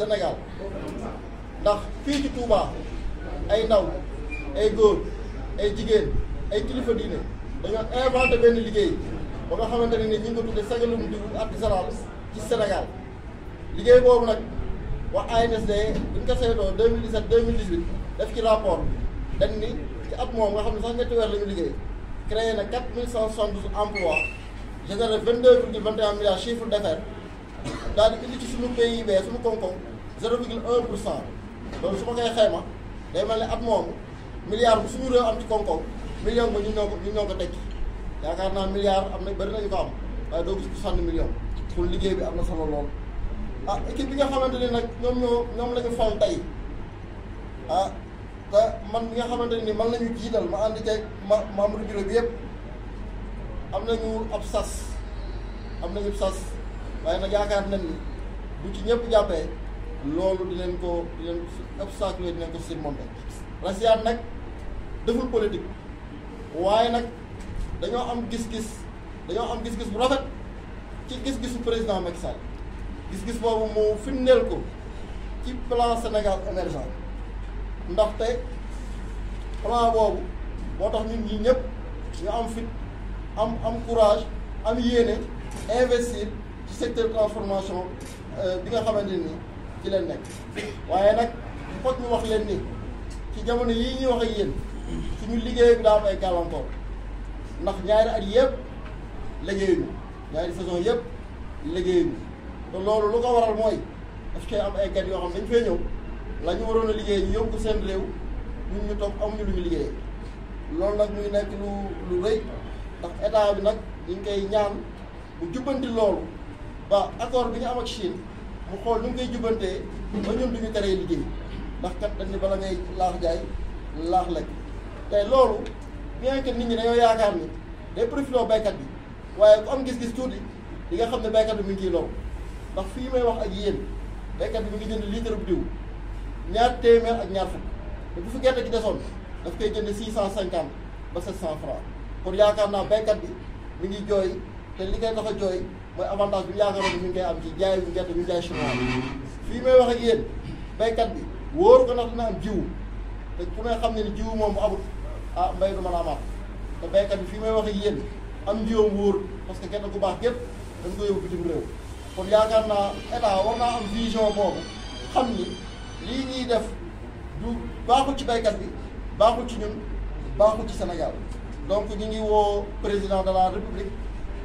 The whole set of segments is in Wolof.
Sénégal ndax fii ci Touba ay ndaw ay góor ay jigéen ay kilifa diine dañoo inventé benn liggéey ba nga xamante ne ni ñu ngi ko tuddee sagalum diw artisanal ci Sénégal liggéey boobu nag wax ANSD buñ ko seetoo 2017 2018 def ci rapport dañ ci at moom nga xam ne sax ñetti weer la ñu liggéey créé na 4172 emplois généré 22 virgule 21 milliards chiffre d'affaires daal di indi ci suñu PIB suñu koom-koom 0,1 pour cent loolu su ma koy xayma day mel ne at moom milliard bu suñu réew am ci koom-koom million ba ñu ñoo ko ñu ñoo ko tekki yaakaar naa milliard am na bari nañu ko am waaye doo gis ku sànni million pour liggéey bi am na solo lool. ah équipe bi nga xamante ne nag ñoom ñoo la ñu fal ah man bi nga xamante ni man lañu jiital ma ànd ceeg ma membre bureau bi yëpp am ñu ab sas am na ñu sas. waaye nag yaakaar nañ ni bu ci ñëpp jàppee loolu dinañ ko dinañ obstacle yooyu dinañ ko surmonter Rasiyaat nag deful politique waaye nag dañoo am gis-gis dañoo am gis-gis bu rafet ci gis-gisu président Macky Sall gis-gis boobu mu firndeel ko ci plan Sénégal émergent ndax ndaxte plan boobu moo tax ñun ñi ñëpp ñu am fit am am courage am yéene investir ci secteur transformation euh, bi nga xamante ni ci leen nekk waaye nag foog mu wax leen ni ci jamono yii ñuy wax ak yéen suñu liggéey bi daa am ay gàllankoor ndax ñaari at yëpp liggéeyuñu ñaari saison yëpp liggéeyuñu te loolu lu ko waral mooy daf koy am ay gat yoo xam ne dañ fee ñëw la ñu waroon a liggéey ñu yóbbu seen réew ñun ñu toog amuñu lu ñu liggéeyee loolu nag muy nekk lu lu rëy ndax état bi nag ñu koy ñaan bu jubbanti loolu waaw accord bi ñu am ak Chine mu xool nu ñu koy jubantee ba ñun du ñu teree liggéey ndax kat dañ ni bala ngay laax jaay laax lekk te loolu bien que nit ñi dañoo yaakaar ni day profiloo baykat bi waaye ku am gis-gis tuuti di nga xam ne baykat bi mu ngi ciy ndax fii may wax ak yéen baykat bi mu ngi jënd litre bu diw ñaar téeméer ak ñaar fukk te bu fi gerte gi desoon daf koy jënd six cent cinquante ba sept cent franc pour yaakaar naa baykat bi mi ngi jooy te li koy tax mooy avantage bi yaakaaroon ne ñu ngi am ci jaay bu gerte bi jaay chinois fii may wax ak yéen béykat bi wóor ko ndax dina am jiwu te ku ne xam ne ni jiwu moom bu amut ah mbay du mën a amaat te baykat bi fii may wax ak yéen am njiwam wóor parce que gerte gu baax gépp dañ ko yóbbu bitim réew kon yaakaar naa état war naa am vision boobu xam ni lii ñuy def du baaxul ci baykat bi baaxul ci ñun baaxul ci Sénégal donc ñu ngi woo président de la république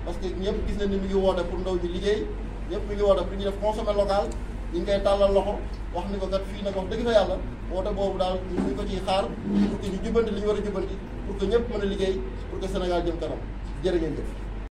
parce que ñëpp gis nañ ni mi ngi woote pour ndaw ñi liggéey ñëpp mi ngi woote pour ñu def consommer local ñu ngi tàllal loxo wax ni ko kat fii nag wax dëgg fa yàlla woote daal ñu ngi ko ciy xaar pour que ñu jubanti li ñu war a jubanti pour que ñëpp mën a liggéey pour que Sénégal jëm kanam jërë ngeen jëf